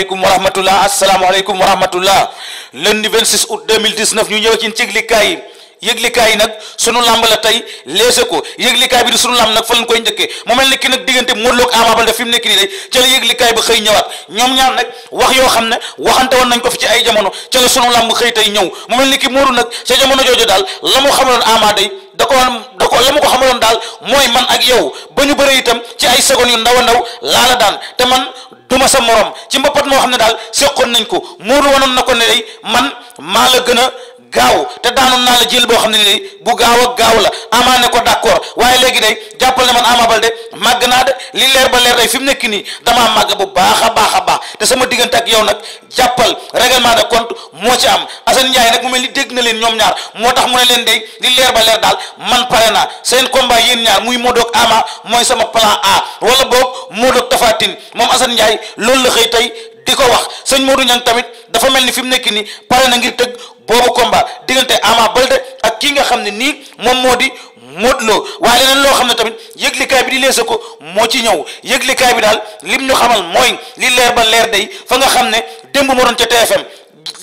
asalaamaaleykum wa rahmatullah asalaamaaleykum wa rahmatullah lundi 26 août 2019 ñu ñëw ci yëglikaay yëglikaay yi nag sunu làmb la tey léese ko yëglikaay bi di sunu làmb nag fa lañ koy njëkkee mu mel nag diggante Modou Lo ak Ama Baldé fi mu nekk nii day ca la yëglikaay ba xëy ñëwaat ñoom ñaar nag wax yoo xam ne waxante woon nañ ko fi ci ay jamono ca la sunu làmb xëy tey ñëw mu mel ni ki Modou nag ca jamono jooju daal la mu xamaloon da ko da ko la mu ko xamaloon daal mooy man ak yow ba ñu bëre itam ci ay secondes yu ndawa a ndaw laala daan te man duma sa moroom ci mboppat moo xam ne daal seqoon nañ ko muur wanoon na ko ne day man maa la gën a gaaw te daanoon naa la jël boo xam ne nii bu gaaw ak gaaw la amaa ne ko d'accord waaye léegi day jàppal ne man Ama Baldé màgg naa de li leer ba leer day fi mu nekk nii damaa màgg bu baax a baax a baax te sama diggante ak yow nag jàppal règlement de compte moo ci am Assane Ndiaye nag mu mel ni dégg na leen ñoom ñaar moo tax mu ne leen day li leer ba leer daal man pare naa seen combat yéen ñaar muy Modou ak mooy sama plan A wala boog Modou ak moom Assane Ndiaye loolu la xëy tey di ko wax sëñ Modou boobu combat diggante Ama Baldé ak kii nga xam ne nii moom moo di Modou Lo waaye leneen loo xam ne tamit yëglikaay bi di leesa ko moo ci ñëw yëglikaay bi daal lim ñu xamal mooy li leer ba leer day fa nga xam ne démb moo doon ca TFM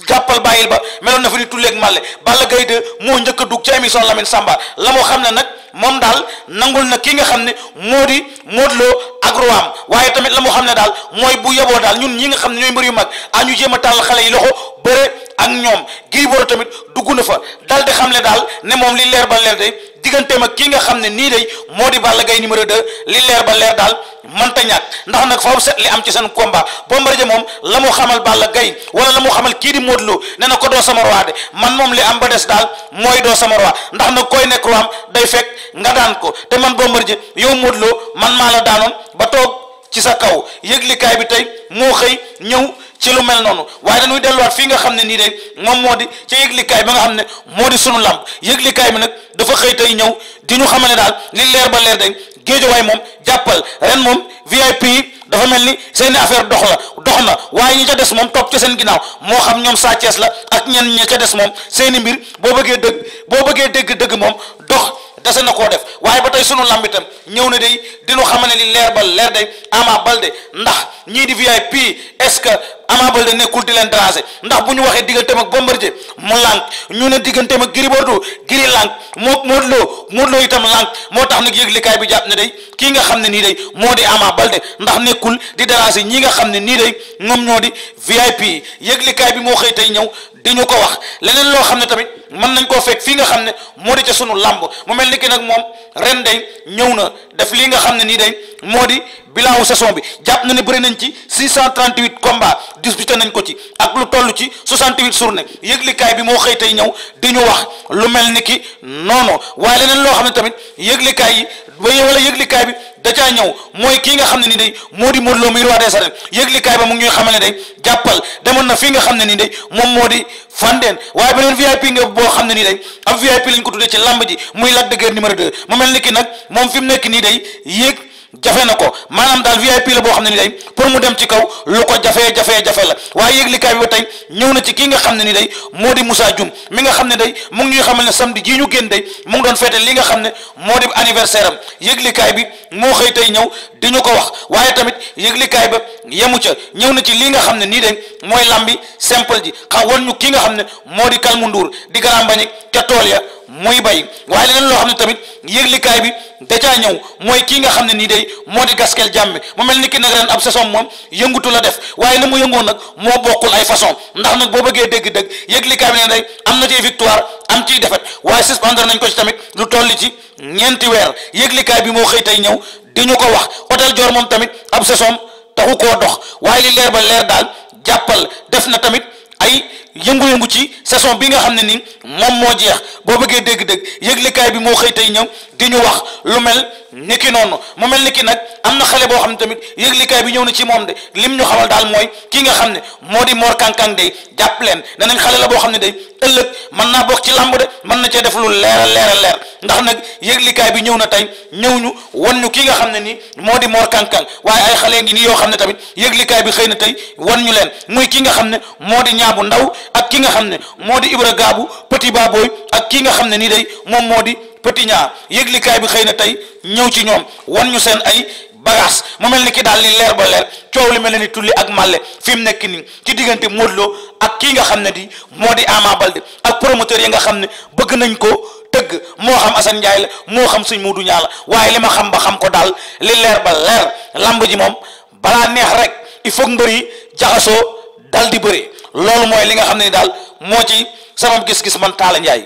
jàppal bàyyil ba meloon na fi ni tulleeg màlle Balla Gaye moo njëkk a dugg ca émission Lamine Samba la moo xam ne nag moom daal nangul na ki nga xam ne moo di Modou Lo ak Roam waaye tamit la moo xam ne daal mooy bu yeboo daal ñun ñi nga xam ne ñooy mbër yu mag a ñu jéem a tàllal xale yi loxo bëre ak ñoom Gris Bordeaux tamit dugg na fa dal di xam ne daal ne moom li leer ba leer de digganteem ak kii nga xam ne nii day moo di Balla Gaye numéro 2 li leer ba leer daal mënta ñàkk ndax nag foofu set li am ci seen combat Bombardier moom la mu xamal Balla Gaye wala la mu xamal kii di Modou ne na ko doo sama roi de man moom li am ba des daal mooy doo sama roi ndax nag koy nekk roi am day fekk nga daan ko te man Bombardier yow Modou Lo man maa la daanoon ba toog ci sa kaw yëglikaay bi tey moo xëy ñëw ci lu mel noonu waaye dañuy delluwaat fii nga xam ne nii de moom moo di ca yëglikaay ba nga xam ne moo di sunu làmb yëglikaay bi nag dafa xëy tey ñëw di ñu xamal ne daal li leer ba leer de géejawaay moom jàppal ren moom VIP dafa mel ni seeni affaire dox la dox na waaye ñi ca des moom topp ca seen ginnaaw moo xam ñoom Sa Thiès la ak ñenn ñi ca des moom seeni mbir boo bëggee dëgg boo bëggee dégg dëgg moom dox dese na koo def waaye ba tey sunu lamb itam ñëw na de dinu xamal ne li leer ba leer de Ama Baldé ndax ñii di VIP est-ce Ama Baldé nekkul di leen déranger ndax bu ñu waxee digganteem ak Bombardier mu lànk ñu ne digganteem ak Gris Bordeaux Gris lànk moo Modou Lo Modou Lo itam lànk moo tax nag yëglikaay bi jàpp ne day kii nga xam ne nii day moo di Ama Baldé ndax nekkul di déranger ñi nga xam ne nii day ñoom ñoo di VIP yëglikaay bi moo xëy tey ñëw dinañu ko wax leneen loo xam ne tamit mën nañ koo fekk fii nga xam ne moo di ca sunu làmb mu mel ni ki nag moom ren day ñëw na def lii nga xam ne nii day moo di bilan wu saison bi jàpp na ne bëri nañ ci 638 combats disputé nañ ko ci ak lu toll ci 68 journée yëglikaay bi moo xëy tey ñëw di ñu wax lu mel ni ki noonu waaye leneen loo xam ne tamit yëglekaay yi wala yëglikaay bi. da caa ñëw mooy kii nga xam ne ni day moo di Modou Lo muy roi des arènes yëglikaay ba mu ngi ñuy xamal ne day jàppal demoon na fii nga xam ne ni day moom moo di fandeen waaye beneen VIP nga boo xam ne ni day ab VIP lañ ko tuddee ci lamb ji muy Lac de Guiers numéro 2 mu mel ni ki nag moom fi mu nekk nii day yéeg jafe na ko maanaam daal VIP la boo xam ne ni day pour mu dem ci kaw lu ko jafee jafee jafe la waaye yëglikaay bi ba tey ñëw na ci kii nga xam ne ni day moo di Moussa Dioum mi nga xam ne day mu ngi ñuy xamal ne samedi jii ñu génn day mu ngi doon feete li nga xam ne moo di anniversaire am yëglikaay bi moo xëy tey ñëw di ko wax waaye tamit yëglikaay ba yemu ca ñëw na ci li nga xam ne nii de mooy lambi simple ji xam wan ñu ki nga xam ne moo di kalmu nduur di garambañik ca tool ya muy bay waaye leneen loo xam ne tamit yëglikaay bi da caa ñëw mooy kii nga xam ne nii day moo di gaskel jàmme mu mel ni ki nag ren ab saison moom yëngutu la def waaye la mu yëngoon nag moo bokkul ay façon ndax nag boo bëggee dégg-dégg yëglikaay bi ne day am na ci victoire am ciy defet waaye suspendre nañ ko ci tamit lu toll ci ñeenti weer yëglikaay bi moo xëy tey ñëw di ñu ko wax hôtel Dior moom tamit ab saison taxu koo dox waaye li leer ba leer daal jàppal def na tamit ay yëngu-yëngu ci saison bi nga xam ne nii moom moo jeex boo bëggee dégg dëgg yëglekaay bi moo xëy tey ñëw di ñu wax lu mel ni noonu mu mel ni ki nag am na xale boo xam ne tamit yëglekaay bi ñëw na ci moom de lim ñu xamal daal mooy ki nga xam ne moo di Mor Kankang day leen danañ xale la boo xam ne day ëllëg mën naa bokk ci làmb mën na cee def lu leer a leer a leer ndax nag yëglekaay bi ñëw na tey ñëw wan ñu ki nga xam ne nii moo di Mor Kankang waaye ay xale ngi yoo xam ne tamit yëglekaay bi xëy na tey wan ñu leen muy kii nga xam ne moo di ñaabu ndaw ak ki nga xam ne moo di Ibra Gaabu Petit Baboy ak kii nga xam ne nii day moom moo di Petit Ñaa yëglikaay bi xëy na tey ñëw ci ñoom wan ñu seen ay bagaas mu mel ni ki daal li leer ba leer coow li mel ne ni tulli ak màlle fi mu nekk nii ci diggante Modou Lo ak kii nga xam ne di moo di Ama Baldé ak promoteur yi nga xam ne bëgg nañ ko dëgg moo xam Assane Ndiaye la moo xam sëñ Modou Ñaa la waaye li ma xam ba xam ko daal li leer ba leer làmb ji moom balaa neex rek il faut mbër yi jaxasoo dal di bëri loolu mooy li nga xam ne ni daal moo ci sama gis-gis man Talla Ndiaye.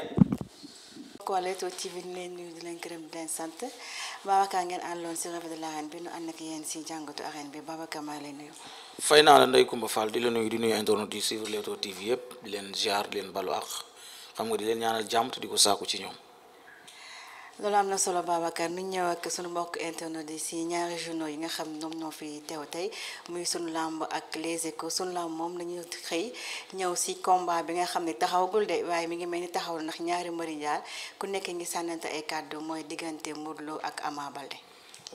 ko Leewtoo TV ñu leen nuyu di leen gërëm di leen sant Babacar ngeen àndoon si revue de l'arène bi nu ànd ak yéen si jàngatu arène bi Babacar maa lay nuyu. fay naa la Ndeye Koumba Fall di la nuyu di nuyu internet yi suivre Leewtoo TV yëpp di leen ziar leen balu ak xam nga di leen ñaanal jàmm te di ko saaku ci ñoom. loolu am na solo Babacar ñu ñëw ak sunu mbokk internet yi si ñaari journaux yi nga xam ñoom ñoo fi teew tey muy sunu làmb ak les échos sunu làmb moom la ñuy xëy ñëw si combat bi nga xam ne taxawagul de waaye mi ngi mel ni taxaw ndax ñaari mbëri ku nekk ngi sànnante ay kàddu mooy diggante Modou Lo ak Ama Balde.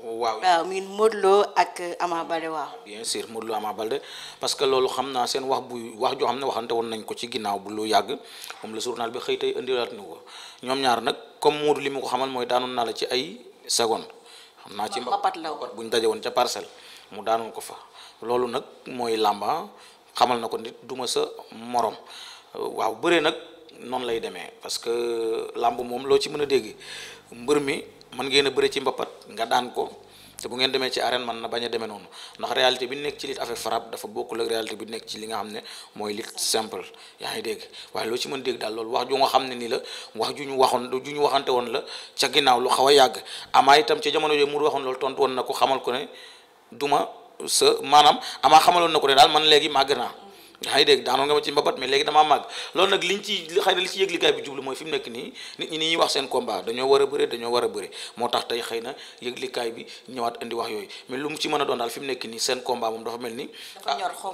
waaw waaw ngi Modou ak Ama Balde waaw. bien sûr Modou Lo Ama Balde parce que loolu xam naa seen wax buy wax joo xam ne waxante woon nañ ko ci ginnaaw bu lu yàgg moom la journal bi xëy tey indilaat na ko ñoom ñaar nag. comme Moodu li mu ko xamal mooy daanoon naa la ci ay seconde xam naa ci mbapat la bu ñu dajee woon ca parcelle mu daanoon ko fa loolu nag mooy làmba ah. xamal na ko nit duma sa morom waaw bëree nag noonu lay demee parce que làmb moom loo ci mën a dégg mbër mi mën ngeen a bëri ci mbapat nga daan ko te bu ngeen demee ci arène man na bañ a demee noonu ndax réalité bi nekk ci lutte avec frappe dafa bokkul ak réalité bi nekk ci li nga xam ne mooy lutte simple yaa ngi dégg waaye loo ci mën dégg daal loolu wax ju nga xam ne nii la wax ju ñu waxoon ju ñu waxante woon la ca ginnaaw lu xaw a yàgg amaa itam ca jamono yooyu mu waxoon loolu tontu woon na ko xamal ko ne duma sa maanaam amaa xamaloon na ko ne daal man léegi màgg naa yaa ngi dégg daanoon nga ma ci mbabat mais léegi damaa màgg loolu nag liñ ci xëy na li ci yëglikaay bi jublu mooy fi mu nekk nit ñi ni wax seen combat dañoo war a bëre dañoo war a bëre moo tax tey xëy na yëglikaay bi ñëwaat indi wax yooyu mais lu mu ci mën a doon daal fi mu nekk nii seen combat moom dafa mel ni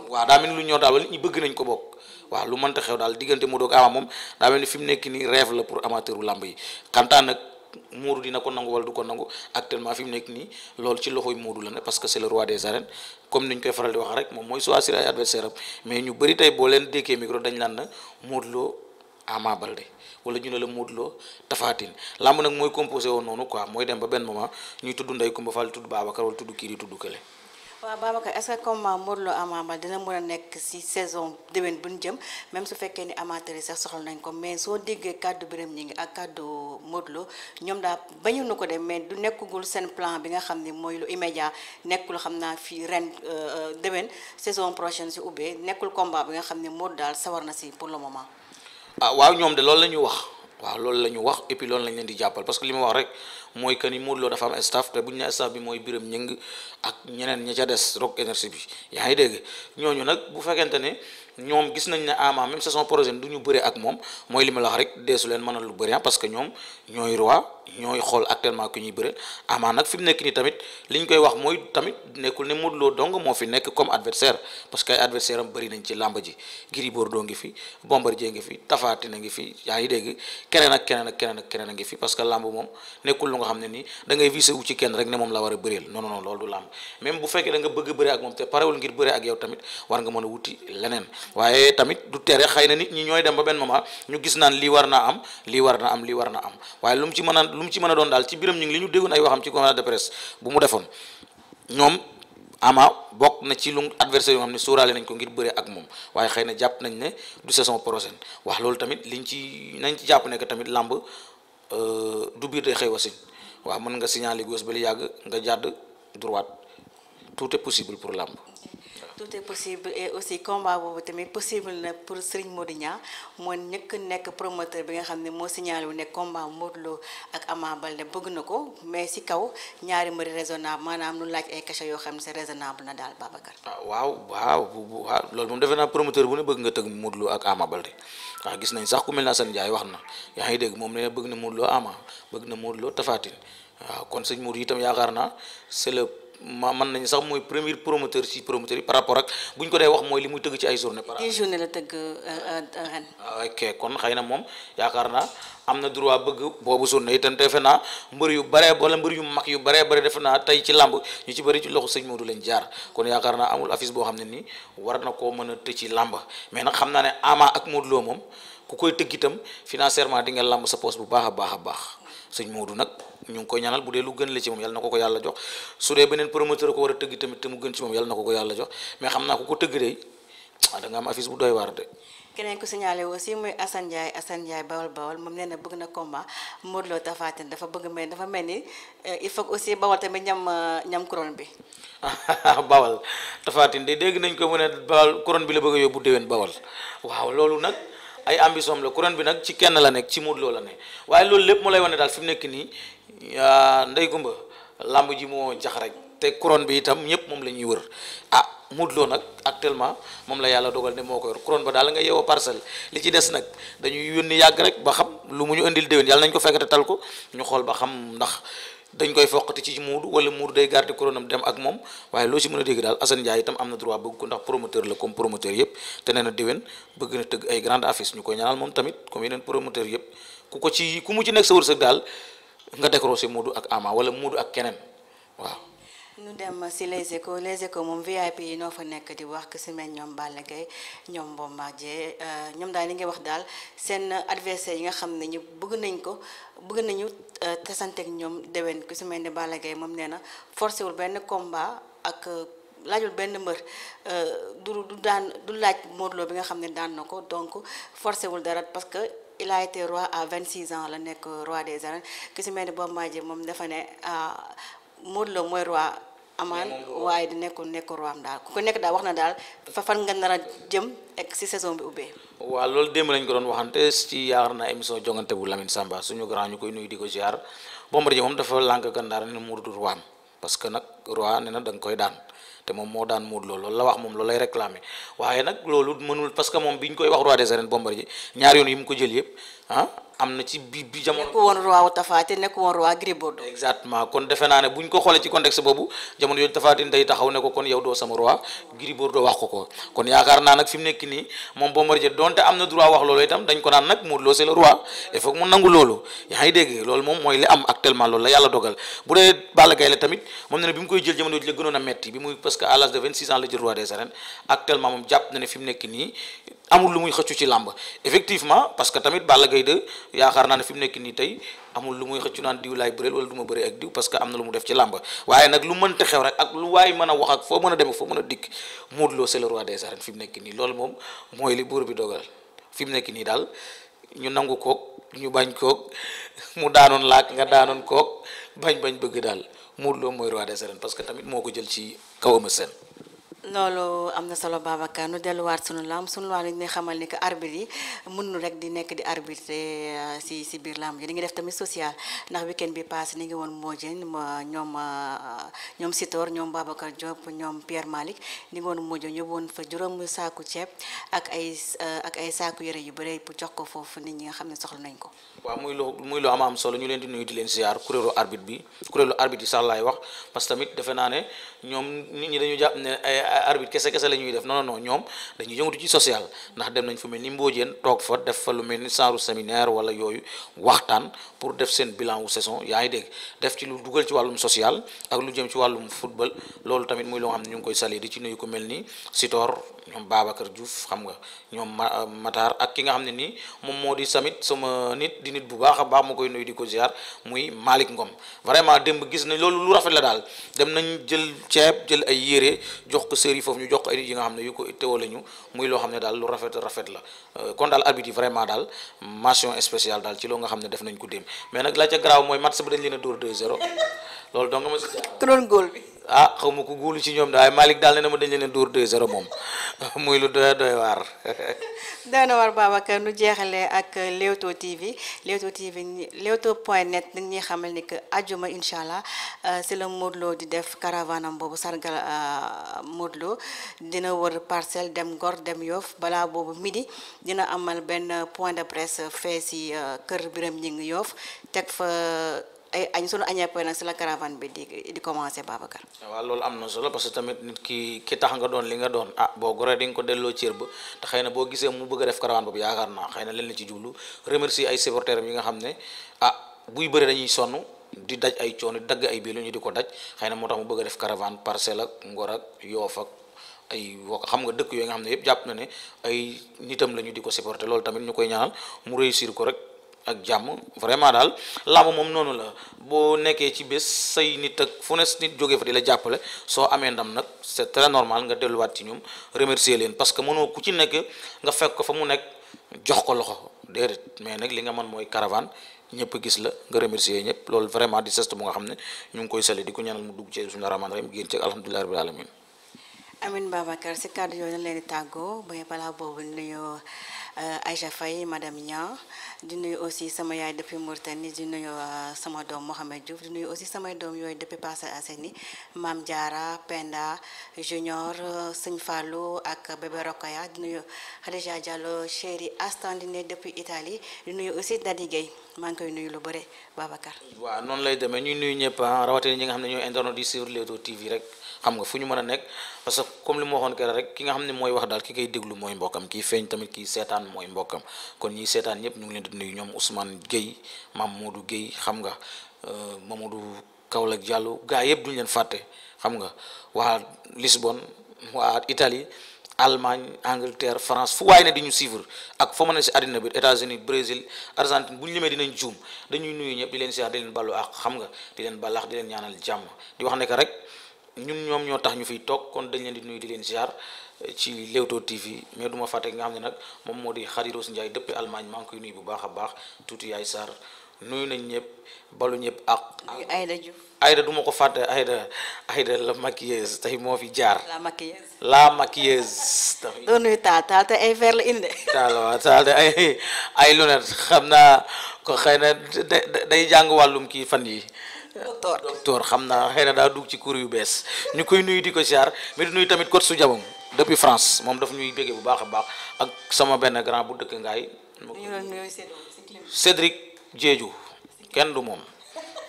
waaw daa mel ni lu ñor daal wala nit ñi bëgg nañ ko bokk waaw lu mënta xew daal diggante Modou ak Ama moom daa mel ni fi mu nekk nii rêve la pour amateur u làmb yi kantaan nag Modou dina ko nangu wala du ko nangu actuellement fi mu nekk nii loolu ci loxoy Modou la ne parce que c'est le roi des arènes comme niñ koy faral di wax rek moom mooy choisir ay adversaire am mais ñu bëri tey boo leen dékkee micro dañ naan na Modou Lo Ama Baldé wala ñu ne la Modou Lo Tapha Tine làmb nag mooy composé woon noonu quoi mooy dem ba benn moment ñuy tudd Ndeye Coumba Fall tudd Babacar wala tudd kii di tudd Kële. waaw Babacar est-ce que comme euh, Modou Lo Ama Baldé dina mën a nekk ci saison déwén bu ñu jëm même su fekkee ni amateur yi sax soxla nañ ko mais soo déggee kàddu Birame ñi ngi ak kàddu Modou Lo ñoom daal bañu na ko dem mais du nekkagul seen plan bi nga xam ne mooy lu immédiat nekkul xam naa fii ren euh, euh, déwén saison prochaine ci ubbee nekkul combat bi nga xam ne Modou daal sawar na si pour le moment. ah waaw ñoom de loolu la ñu wax waaw loolu la ñu wax et puis loolu lañ di jàppal parce que li ma wax rek. mooy que ni Modou Lo dafa am staff te bu ñu nee staff bi mooy Birame Gningue ak ñeneen ñi ca des Rock Énergie bi yaa ngi dégg ñooñu nag bu fekkente ne ñoom gis nañ ne Ama même saison projet du ñu bëree ak moom mooy li ma la wax rek deesu leen a lu bëri ah, parce que ñoom ñooy roi ñooy xool actuellement ku ñuy bëre Ama nag fi mu nekk nii tamit li ñu koy wax mooy tamit nekkul ne Modou Lo dong moo fi nekk comme adversaire parce que ay adversaire am bëri nañ ci làmb ji Gris Bordeaux ngi fi Bombardier ngi fi Tapha Tine ngi fi yaa ngi dégg keneen keneen ak keneen keneen ngi fi parce que làmb moom nga ne nii da ngay visé wu ci kenn rek ne moom la war a bëreel non non loolu du làmb même bu fekkee da bëgg bëre ak moom te parewul ngir bëre ak yow tamit a wuti leneen waaye tamit du tere xëy na nit ñi ñooy dem ba benn moment ñu gis naan lii war naa am lii war na am lii war na am waaye lu mu ci mën a mu ci mën a doon daal ci biram ñu ngi defoon ñoom ama bokk na ci lu adversaire yoo xam ne sóoraale nañ ko ngir bëre ak moom waaye xay na jàpp nañ ne du saison prochaine wax loolu tamit liñ ci nañ ci jàpp ne que tamit làmb euh, du biir day xëy si waaw mën nga signaler gauche ba li yàgg nga jàdd droite tout est possible pour làmb tout est possible et aussi combat boobu tamit possible na pour Serigne Modou moo ñëkk nekk promoteur bi nga xam ne moo signalé wu ne combat Modou Lo ak na ko mais si kaw ñaari mbëri raisonnable maanaam lu laaj ay cachet yoo xam ne c'est raisonnable na daal Babacar. Ah, waaw waaw waaw loolu moom defe naa bu ne bëgg nga tëgg Modou Lo ak Ama Baldé waaw gis nañ sax ku mel ne Assane Ndiaye wax na yaa ngi dégg moom nee na bëgg na Modou Lo Ama bëgg na Modou Lo Tapha Tine waaw kon sëñ Modou yaakaar naa c'est ma mën nañu sax mooy premier promoteur ci promoteur yi par rapport ak bu ko dee wax mooy li muy tëgg ci ay journée par dix journée la tëgg euh, euh, euh, ah, ok kon xëy na moom yaakaar naa am na droit bëgg boobu journée itam defe naa mbër yu bare wala mbër yu mag yu bare bare defe naa tey ci làmb ñu ci bëri ci loxo sëñ Modou leen jaar kon yaakaar naa amul affice boo xam ne nii war na ko mën a tëj ci làmb mais nag xam naa ne Ama ak Modou Lo moom ku koy tëgg itam financièrement di nga làmb sa poche bu baax a baax a baax sëñ Modou nag ñu ngi koy ñaanal bu dee lu gën la ci moom yàlla na ko ko yàlla jox su dee beneen promoteur ko war a tëgg te mu gën ci moom yàlla na ko ko yàlla jox mais xam naa ku ko tëgg de ah da am affiche bu dooy war de. keneen ku signalé aussi muy Assane Ndiaye Assane Ndiaye bawal bawal moom nee bëgg na combat Modou Lo Tapha Tine dafa bëgg mel dafa mel ni euh, il faut aussi bawal tamit ñam euh, ñam couronne bi. bawal Tapha Tine de dégg nañ ko mu ne bawal couronne bi la bëgg yóbbu déwén bawal ay ambition la couronne bi nag ci kenn la nekk ci Modou la ne waaye loolu lépp mu lay wane daal fi mu nekk nii ndey gumba làmb ji moo jax rek te couronne bi itam ñëpp moom la ñuy wër ah Modou Lo nag actuellement moom la yàlla dogal ne moo ko yor couronne ba daal nga yeewoo parcelle li ci des nag dañuy yónni yàgg rek ba xam lu mu ñu indil déwén yàlla nañ ko fekk te tal ko ñu xool ba xam ndax dañ koy foqati ci muudu wala muudu day garder couronam dem ak moom waaye loo ci mën a dégg daal Assane Ndiaye itam am na droit bëgg ko ndax promoteur la comme promoteur yëpp te nee na déwén bëgg na tëgg ay grande affiche ñu koy ñaanal moom tamit comme yeneen promoteur yëpp ku ko ci ku mu ci nekk sa wërsëg daal nga décroché muudu ak ama wala muudu ak keneen waaw ñu dem si Les Échos Les Échos moom VIP yi noo fa nekk di wax ku si ñoom Balla Gaye ñoom Bombardier euh, ñoom daal li ngay wax daal seen adversaire yi nga xam ne ñu bëgg nañ ko bëgg nañu euh, tasanteeg ñoom déwén ku si mel Balla Gaye moom nee na forcé wul benn combat ak euh, laajul benn mbër du du daan du laaj Modou bi nga xam ne daan na ko donc forcé wul dara parce que il a été roi à 26 ans la nekk roi des arènes ki si mel ni Bombardier moom dafa ne ah, Modou Lo mooy roi amaan waaye di nekkoon nekkoon roi am daal ku ko nekk daal wax na daal fa fan nga nar jëm ak si saison bi ubbee. waa loolu démb lañ ko doon waxante ci yaakaar na émission jongante bu Lamine Samba suñu grand ñu koy nuyu di ko ziar Bombardier moom dafa lànk gandaara ne mu du roi parce que nag roi ne na da koy daan. te moom moo daan Modou Lo loolu la wax moom loolu lay réclamé waaye nag loolu mënul parce que moom bi ñu koy wax roi des arènes Bombardier ñaar yoon yi mu ko jël yëpp ah, am na ci bi bi jamono. nekk woon roi Tapha exactement kon defe naa ne bu ñu ko xoolee ci contexte boobu jamono yooyu Tapha Tine day taxaw ne ko kon yow doo sama roi Gris wax ko ko kon yaakaar naa nag fi mu nekk nii moom Bombardier donte am na droit wax loolu itam dañ ko naan nag Modou Lo c'est le moom mooy li am actuellement loolu la yàlla dogal bu dee Balla Gaye la tamit moom ne ne bi mu koy jël jamono ji la gënoon a metti bi muy parce que à l'âge de 26 ans la jël roi des arènes actuellement moom jàpp na ne fi nekk nii amul lu muy ci làmb effectivement parce que tamit Balla Gaye yaakaar naa ne fi mu nekk nii tey amul lu muy xëccu naan diw laay bëreel wala ma bëri ak diw parce que am na lu mu def ci làmba waaye nag lu mënta xew rek ak lu waay mën a wax ak foo mën a dem foo mën a dikk Modou Lo c'est le roi des arènes fi nekk nii loolu moom mooy li buur bi dogal fi mu nekk nii daal ñu nangu koog ñu bañ koog mu daanoon laak nga daanoon koog bañ bañ bëgg daal Modou Lo mooy roi des arènes parce que tamit moo ko jël ci kaw Eumeu Sène loolu am na solo Babacar nu delluwaat sunu lamb sunu lamb yi ne xamal ni que arbitre yi mënul rek di nekk di arbitre euh, si si biir lamb ji di ngi def tamit social ndax weekend bi passé ni ngi woon Mbodjén ñoom euh, ñoom Sitor ñoom Babacar Diop ñoom Pierre Malick ni ngi woon Mbodjén yóbbu woon fa juróom saaku ceeb ak ay euh, ak ay saaku yére yu bëre jox ko foofu nit ñi nga xam ne soxla nañ ko. waaw muy loo muy lu am am solo ñu leen di nuyu di leen ziar kuréelu arbitre bi kuréelu arbitre yi sax laay wax parce tamit defe naa ne ñoom nit ñi dañu jàpp ne arbitre kese kese la ñuy def non non ñoom dañuy yëngatu ci social ndax dem nañ fu mel ni Mbodiène toog fa def fa lu mel ni saaru séminaire wala yooyu waxtaan pour def seen bilan wu saison yaa ngi dégg def ci lu dugal ci wàllum social ak lu jëm ci wàllum football loolu tamit muy loo xam ne ñu ngi koy sali di ci nuyu ko mel ni Sitor ñoom Babacar Diouf xam nga ñoom euh, Matar ak ki nga xam ne nii moom moo di samit sama nit di nit bu baax a baax ma koy nuyu di ko ziar muy Malick Ngom vraiment démb gis nañ loolu lu rafet la daal dem nañ jël ceeb jël ay yére jox ko sëriñ foofu ñu jox ko yi nga xam ne yu ko teewoo la ñu muy loo xam ne daal lu rafet rafet la euh, kon daal arbitre yi vraiment daal mention spéciale daal ci loo nga xam ne def nañ ko dem mais nag la ca garaaw mooy match bi dañ leen a dóor 2-0 ah xaw ma ko guulu ci ñoom de waaye Malick daal ne na ma dañ leen dóor 2-0 moom muy lu doy waar. doy na waar Babacar nu jeexalee ak Leewtoo TV Leewtoo TV Leewtoo point net dañ ñuy xamal ni que àjjuma incha euh, si la Modou di def caravane boobu sargal euh, Modou dina wër parcelle dem Ngor dem yoof balaa boobu midi dina amal benn point de presse fee si euh, kër Birame Gningue Yoff teg fa. ay añ suñu añee pare nag si la caravane bi di di commencé Babacar. waaw loolu am na solo parce que tamit nit ki tax nga doon li nga doon ah boo goree di nga ko delloo cër ba te xëy na boo gisee mu bëgg a def caravane boobu yaakaar naa xëy na leen la ci jublu remercier ay supporters yi nga xam ne ah buy bëri dañuy sonn di daj ay coono dagg ay biir ñu di ko daj xëy na moo tax mu bëgg a def caravane Parcelles ak Ngor ak Yoff ak ay wokk xam nga dëkk yooyu nga xam ne yëpp jàpp na ne ay nitam la ñu di ko supporter loolu tamit ñu koy ñaanal mu réussir ko rek. ak jàmm vraiment daal làmb moom noonu la boo nekkee ci bés say nit ak fu ne nit jógee fa di la jàppale soo amee ndam nag c'est très normal nga delluwaat ci ñoom remercier leen parce que mënoo ku ci nekk nga fekk ko fa mu nekk jox ko loxo déedéet mais nag li nga mën mooy caravane ñëpp gis la nga remercier ñëpp loolu vraiment di geste bu nga xam ne ñu ngi koy sali di ko ñaanal mu dugg ci suñu rahmaan rahim génn ci alhamdulillahi rabbil alamin amin Euh, Aïcha Faye madame Niang di nuyu aussi sama yaay depuis nii di nuyu euh, sama doom Mohamed Diouf di nuyu aussi samay doom yooyu depuis Parcelles Assainies maam Diarra Penda Junior Sëñ Fallou ak bébé Rokhaya di nuyu Khadija Diallo chéri Astandine depuis Italie di nuyu aussi Dadi Gueye maa ngi koy nuyu lu bëre Babacar. waaw noonu lay demee ñuy nuyu ñëpp ah, rawatina ñi nga xam ne ñoo internet di suivre TV rek. xam nga fu ñu mën a nekk parce que comme li ma waxoon keroog rek ki nga xam ne mooy wax daal ki koy déglu mooy mbokkam kii feeñ tamit kii seetaan mooy mbokkam kon ñi seetaan ñëpp ñu ngi leen di nuyu ñoom Ousmane Gueye Mamadou xam nga euh, Mamadou Kaolack Diallo gaa yëpp duñu leen fàtte xam nga waa Lisbonne waa Italie Allemagne Angleterre France fu waaye ne di ñu suivre ak fa mën a si àddina bi États-Unis Brésil Argentine bu ñu limee dinañ dañuy nuyu ñëpp di leen siyaar di leen ballu ak xam nga di leen ballax di leen ñaanal jàmm di wax ne rek ñun ñoom ñoo tax ñu fiy toog kon dañ leen di nuyu di leen ziar eh, ci Leewtoo TV mais duma ma fàtte nga xam ne nag moom moo di Khadiros Ndiaye depuis Allemagne maa ngi koy nuyu bu baax a baax tuuti yaay sar nuyu nañ ñëpp balu ñëpp ak. Aïda Diouf duma du ma ko fàtte ay Aïda la maquilleuse tey moo fi jaar. la maquilleuse la maquilleuse. doo nuyu taal taal te ay verre la indi. taal waaw taal te ay ay lunettes xam naa ko xëy na day jàng wàllum kii fan yi docteur docteur xam naa xëy na daa dugg ci cours yu bees ñu koy nuyu di ko siyaar mais di nuyu tamit coach su jabam depuis France moom daf ñuy béggee bu baax a baax ak sama benn grand bu dëkk ngaay Cédric Diédhiou kenn du moom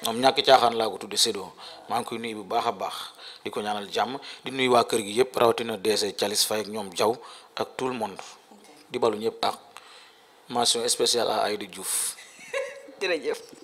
moom ñàkk caaxaan laa ko tudde Séddo maa ngi koy nuyu bu baax a baax di ko ñaanal jàmm di nuyu waa kër gi yëpp rawatina DC Thialis Faye ak ñoom jaw ak tout le monde di balu ñëpp ak mention spéciale à Aïda Diouf jërëjëf